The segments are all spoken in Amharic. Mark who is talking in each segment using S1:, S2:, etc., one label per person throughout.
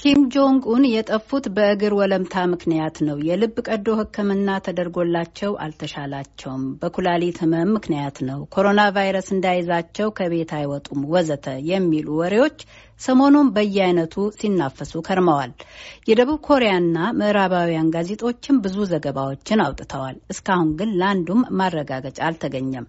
S1: ኪም ጆንግ ኡን የጠፉት በእግር ወለምታ ምክንያት ነው። የልብ ቀዶ ሕክምና ተደርጎላቸው አልተሻላቸውም። በኩላሊት ህመም ምክንያት ነው። ኮሮና ቫይረስ እንዳይዛቸው ከቤት አይወጡም፣ ወዘተ የሚሉ ወሬዎች ሰሞኑን በየአይነቱ ሲናፈሱ ከርመዋል። የደቡብ ኮሪያና ምዕራባውያን ጋዜጦችም ብዙ ዘገባዎችን አውጥተዋል። እስካሁን ግን ለአንዱም ማረጋገጫ አልተገኘም።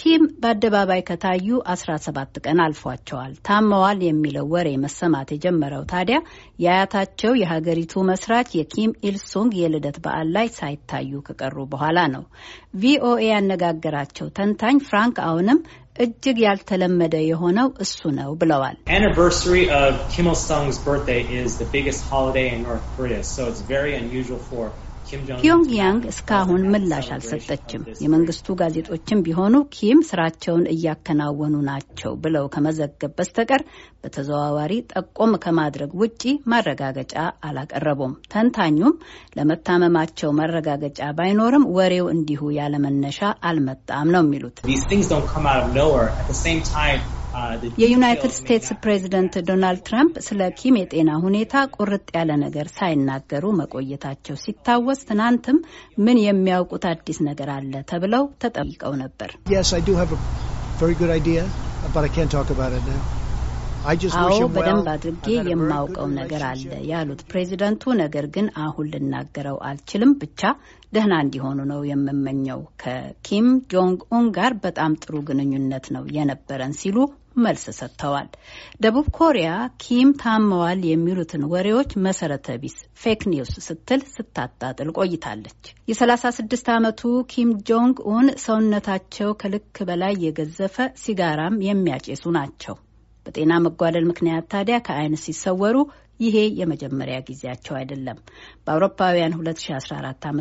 S1: ኪም በአደባባይ ከታዩ 17 ቀን አልፏቸዋል። ታመዋል የሚለው ወሬ መሰማት የጀመረው ታዲያ የአያታቸው የሀገሪቱ መስራች የኪም ኢልሱንግ የልደት በዓል ላይ ሳይታዩ ከቀሩ በኋላ ነው። ቪኦኤ ያነጋገራቸው ተንታኝ ፍራንክ አሁንም እጅግ ያልተለመደ የሆነው እሱ ነው ብለዋል። ፒዮንግያንግ እስካሁን ምላሽ አልሰጠችም። የመንግስቱ ጋዜጦችም ቢሆኑ ኪም ስራቸውን እያከናወኑ ናቸው ብለው ከመዘገብ በስተቀር በተዘዋዋሪ ጠቆም ከማድረግ ውጪ ማረጋገጫ አላቀረቡም። ተንታኙም ለመታመማቸው ማረጋገጫ ባይኖርም ወሬው እንዲሁ ያለመነሻ አልመጣም ነው የሚሉት። የዩናይትድ ስቴትስ ፕሬዝደንት ዶናልድ ትራምፕ ስለ ኪም የጤና ሁኔታ ቁርጥ ያለ ነገር ሳይናገሩ መቆየታቸው ሲታወስ ትናንትም ምን የሚያውቁት አዲስ ነገር አለ ተብለው ተጠይቀው ነበር። አዎ በደንብ አድርጌ የማውቀው ነገር አለ ያሉት ፕሬዚደንቱ፣ ነገር ግን አሁን ልናገረው አልችልም። ብቻ ደህና እንዲሆኑ ነው የምመኘው። ከኪም ጆንግ ኡን ጋር በጣም ጥሩ ግንኙነት ነው የነበረን ሲሉ መልስ ሰጥተዋል። ደቡብ ኮሪያ ኪም ታመዋል የሚሉትን ወሬዎች መሰረተ ቢስ ፌክ ኒውስ ስትል ስታጣጥል ቆይታለች። የ36 ዓመቱ ኪም ጆንግ ኡን ሰውነታቸው ከልክ በላይ የገዘፈ ሲጋራም የሚያጨሱ ናቸው። በጤና መጓደል ምክንያት ታዲያ ከአይን ሲሰወሩ ይሄ የመጀመሪያ ጊዜያቸው አይደለም። በአውሮፓውያን 2014 ዓ ም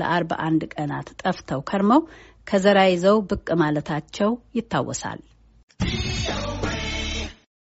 S1: ለ41 ቀናት ጠፍተው ከርመው ከዘራ ይዘው ብቅ ማለታቸው ይታወሳል።